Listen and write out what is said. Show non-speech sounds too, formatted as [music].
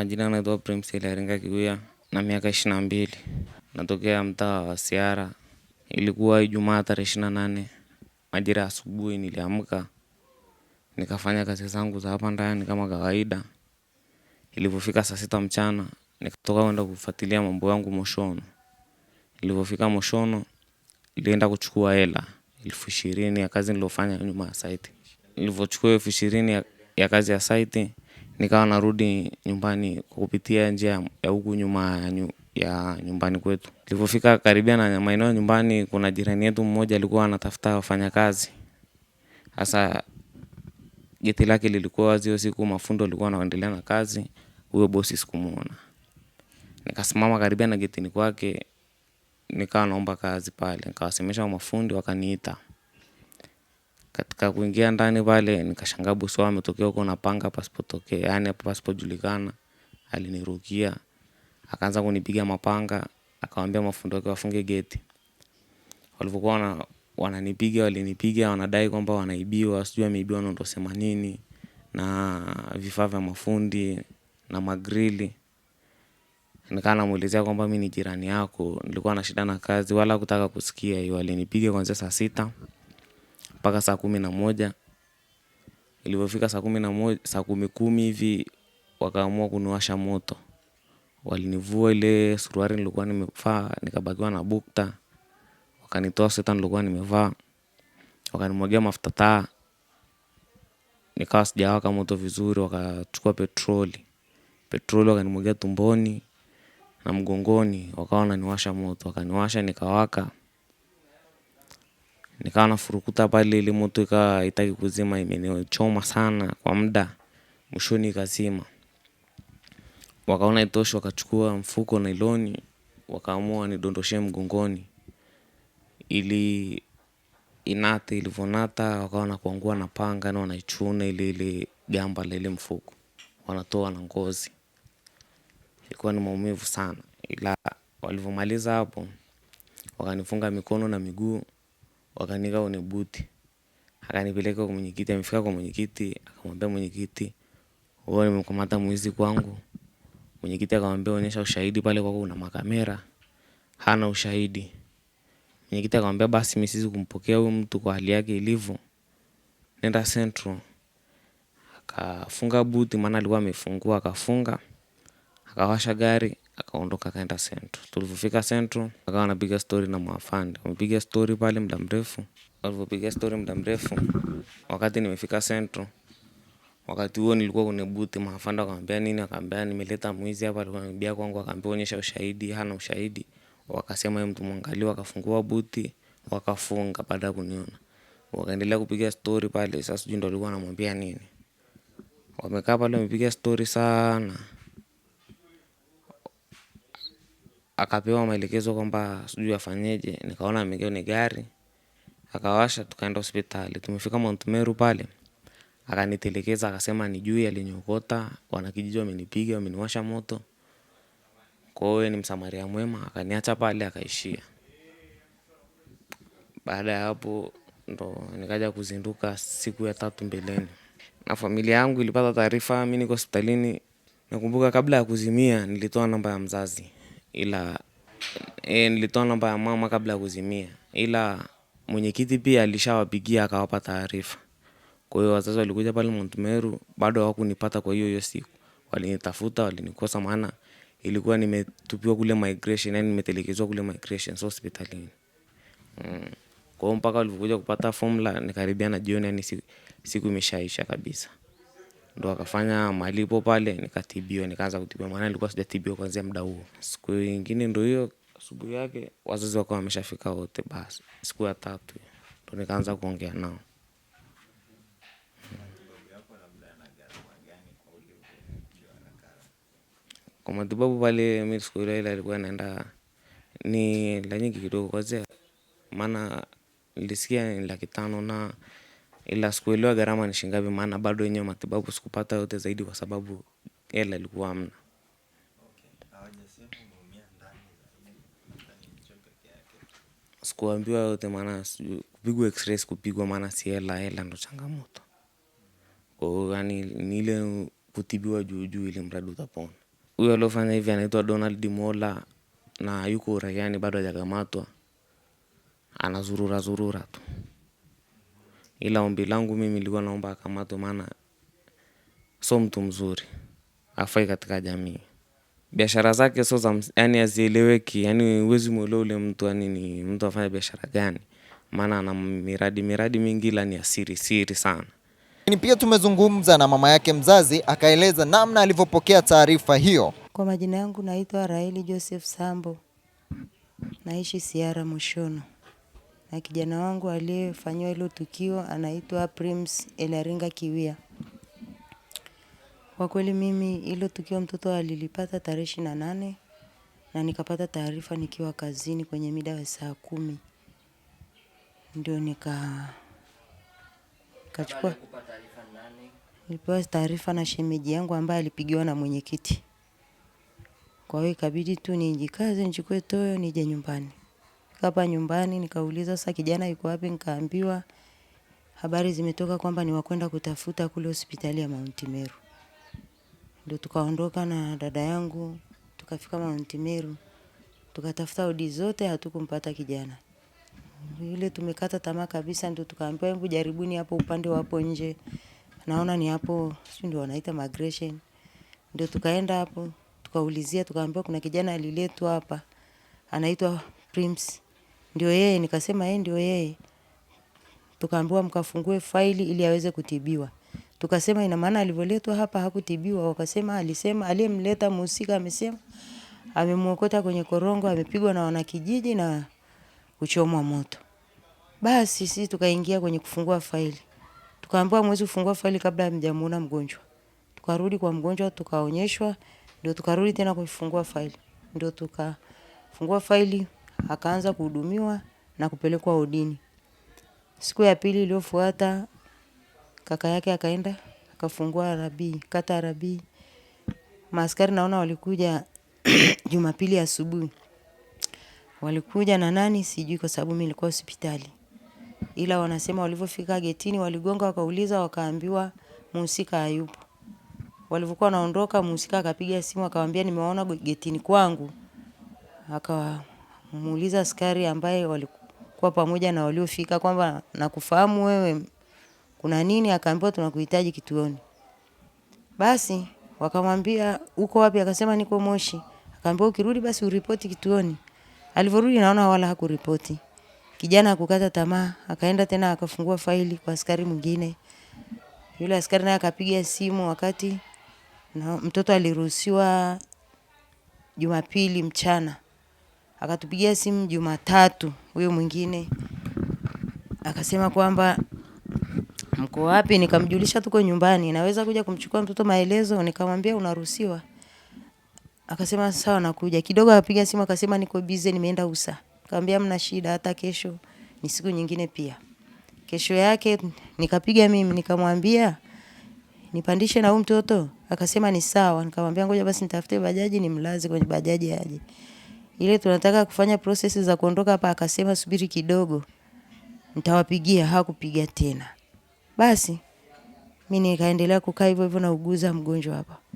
majina anaitwa Prince Ilaringa Kiwia na miaka ishirini na mbili natokea mtaa wa Siara. Ilikuwa Ijumaa tarehe ishirini na nane majira ya asubuhi, niliamka nikafanya kazi zangu za hapa ndani kama kawaida. Ilivyofika saa sita mchana nikatoka kwenda kufuatilia mambo yangu Moshono. Ilivyofika Moshono nilienda kuchukua hela elfu ishirini ya kazi nilofanya nyuma ya saiti. Nilivyochukua elfu ishirini ya kazi ya saiti nikawa narudi nyumbani kupitia njia ya huku nyuma ya nyumbani kwetu. ilivyofika karibia na maeneo ya nyumbani kuna jirani yetu mmoja alikuwa anatafuta wafanyakazi. Hasa geti lake lilikuwa wazi hiyo siku mafundo alikuwa anaendelea na kazi, huyo bosi sikumuona. Nikasimama karibia na getini kwake, nikawa naomba kazi pale, nikawasemesha mafundi wakaniita. Katika kuingia ndani pale nikashangaa bosi ametokea huko na panga pasipotokea yaani pasipojulikana. Alinirukia, akaanza kunipiga mapanga, akawaambia mafundi wake wafunge geti. wana, wananipiga, walinipiga, wanadai kwamba wanaibiwa, sijui ameibiwa na watosema nini. Na vifaa vya mafundi na magrili. nikaa namwelezea kwamba mi ni jirani yako, nilikuwa na shida na kazi wala kutaka kusikia hiyo alinipiga kwanzia saa sita mpaka saa kumi na moja. Ilivyofika saa kumi na moja, saa kumi kumi hivi wakaamua kuniwasha moto. Walinivua ile suruari nilikuwa nimevaa, nikabakiwa na bukta. Wakanitoa sweta nilikuwa nimevaa, wakanimwagia mafuta taa. Nikawa sijawaka moto vizuri, wakachukua petroli. Petroli wakanimwagia tumboni na mgongoni, wakawa wananiwasha moto, wakaniwasha nikawaka nikawa nafurukuta pale ile moto ikawa itaki kuzima, imenichoma sana kwa muda, mwishoni ikazima. Wakaona itoshi wakachukua mfuko nailoni, wakaamua nidondoshe mgongoni ili ing'ate. Ilivyong'ata wakawa nakuangua na panga, ni wanaichuna ile ile gamba la ile mfuko, wanatoa na ngozi. Ilikuwa ni maumivu sana, ila walivyomaliza hapo wakanifunga mikono na miguu wakaniweka kwenye buti, akanipeleka kwa mwenyekiti. Amefika kwa mwenyekiti, akamwambia mwenyekiti, wewe nimekamata mwizi kwangu. Mwenyekiti akamwambia onyesha ushahidi pale kwako una makamera. Hana ushahidi. Mwenyekiti akamwambia basi mimi siwezi kumpokea huyu mtu kwa hali yake ilivyo. Nenda Central. Akafunga buti maana alikuwa amefungua akafunga. Akawasha gari akaondoka akaenda Central. Tulivyofika Central akawa anapiga stori na mwafandi amepiga stori pale muda mrefu. Walivyopiga stori muda mrefu, wakati nimefika Central, wakati huo nilikuwa kwenye buti, mwafande akamwambia nini? akaambia nimeleta mwizi hapa, alikuwa anaibia kwangu. Akaambia onyesha ushahidi, hana ushahidi. Wakasema hiyo mtu mwangalio, wakafungua buti wakafunga. Baada ya kuniona wakaendelea kupiga stori pale. Sasa sijui ndo alikuwa anamwambia nini, wamekaa pale wamepiga stori sana. akapewa maelekezo kwamba sijui afanyeje, nikaona ni gari akawasha, tukaenda hospitali. Tumefika Mount Meru pale, akanitelekeza akasema ni juu alinyokota wanakijiji wamenipiga, wameniwasha moto. Kwa hiyo ni msamaria mwema, akaniacha pale akaishia. Baada ya hapo ndo nikaja kuzinduka siku ya tatu mbeleni, na familia yangu ilipata taarifa mi niko hospitalini. Nakumbuka kabla ya kuzimia nilitoa namba ya mzazi ila e, nilitoa namba ya mama kabla ya kuzimia, ila mwenyekiti pia alishawapigia akawapa taarifa. Kwa hiyo wazazi walikuja pale Mount Meru, bado hawakunipata. Kwa hiyo hiyo siku walinitafuta, walinikosa, maana ilikuwa nimetupiwa kule migration, yani nimetelekezwa kule migration, so hospitalini mm. Kwa hiyo mpaka walivyokuja kupata formula nikaribia na jioni, yani siku imeshaisha kabisa ndo akafanya malipo pale, nikatibiwa, nikaanza kutibiwa, maana nilikuwa sijatibiwa kwanzia muda huo. Siku ingine ndo hiyo asubuhi yake wazazi wakawa wameshafika wote, basi siku ya tatu ndo nikaanza kuongea nao. Kwa matibabu pale, mi siku ile ile alikuwa naenda ni la nyingi kidogo kwanzia, maana nilisikia ni laki tano na ila sikuelewa gharama ni shingapi maana bado yenyewe matibabu sikupata yote zaidi kwa sababu hela ilikuwa amna Sikuambiwa yote maana kupigwa x-ray sikupigwa maana si hela, hela ndo changamoto. Kwa yani ni ile kutibiwa juu juu ili mradi utapona. Huyo aliofanya hivi anaitwa Donald Mola na yuko uraiani bado ajakamatwa Anazurura zurura tu. Ila ombi langu mimi nilikuwa naomba akamatwe maana so mtu mzuri afai katika jamii. Biashara zake so za yani hazieleweki yani huwezi muelewa ule mtu yani ni mtu afanya biashara gani. Maana ana miradi miradi mingi ila ni asiri siri sana. Ni pia tumezungumza na mama yake mzazi akaeleza namna alivyopokea taarifa hiyo. Kwa majina yangu naitwa Raheli Joseph Sambo, naishi Siara Mushono na kijana wangu aliyefanyiwa hilo tukio anaitwa Prims Elaringa Kiwia. Kwa kweli mimi hilo tukio mtoto alilipata tarehe ishirini na nane na nikapata taarifa nikiwa kazini kwenye mida ya saa kumi ndio nika kachukua nilipewa taarifa na shemeji yangu ambaye alipigiwa na mwenyekiti. Kwa hiyo ikabidi tu nijikaze nichukue toyo nije nyumbani nikafika hapa nyumbani, nikauliza sasa kijana yuko wapi, nikaambiwa habari zimetoka kwamba ni wakwenda kutafuta kule hospitali ya Mount Meru. Ndio tukaondoka na dada yangu tukafika Mount Meru, tukatafuta odi zote, hatukumpata kijana yule. Tumekata tamaa kabisa, ndio tukaambiwa hebu jaribuni hapo upande wapo nje, naona ni hapo, si ndio wanaita migration. Ndio tukaenda hapo tukaulizia, tukaambiwa kuna kijana aliletwa hapa anaitwa Prince ndio yeye, nikasema yeye eh, ndio yeye. Tukaambiwa mkafungue faili ili aweze kutibiwa. Tukasema ina maana alivyoletwa hapa hakutibiwa. Wakasema alisema, aliyemleta mhusika amesema amemwokota kwenye korongo, amepigwa na wanakijiji na kuchomwa moto. Basi sisi tukaingia kwenye kufungua faili, tukaambiwa mwezi kufungua faili kabla hamjamuona mgonjwa. Tukarudi kwa mgonjwa, tukaonyeshwa, ndio tukarudi tena kufungua faili, ndio tukafungua faili akaanza kuhudumiwa na kupelekwa wodini. Siku ya pili iliyofuata kaka yake akaenda akafungua Rabii, kata arabii Maaskari naona walikuja [clears throat] Jumapili asubuhi. Walikuja na nani sijui kwa sababu mimi nilikuwa hospitali. Ila wanasema walivyofika getini waligonga wakauliza wakaambiwa muhusika hayupo. Walivyokuwa wanaondoka muhusika akapiga simu akawaambia nimewaona getini kwangu. Akawa Muuliza askari ambaye walikuwa pamoja na waliofika kwamba nakufahamu wewe, kuna nini? Akaambiwa tunakuhitaji kituoni. Basi wakamwambia uko wapi? Akasema niko Moshi. Akaambiwa ukirudi basi uripoti kituoni. Alivyorudi naona wala hakuripoti. Kijana akukata tamaa, akaenda tena akafungua faili kwa askari mwingine. Yule askari naye akapiga simu wakati na mtoto aliruhusiwa Jumapili mchana akatupigia simu Jumatatu, huyo mwingine akasema kwamba mko wapi? Nikamjulisha tuko nyumbani, naweza kuja kumchukua mtoto maelezo? Nikamwambia unaruhusiwa. Akasema sawa, nakuja. Kidogo akapiga simu akasema niko busy, nimeenda usa. Nikamwambia mna shida, hata kesho ni siku nyingine pia. Kesho yake nikapiga mimi, nikamwambia nipandishe na huyu mtoto, akasema ni sawa. Nikamwambia ngoja basi nitafute bajaji, nimlaze kwenye bajaji aje ile tunataka kufanya prosesi za kuondoka hapa, akasema subiri kidogo, nitawapigia. Hakupiga tena. Basi mi nikaendelea kukaa hivyo hivyo, nauguza mgonjwa hapa.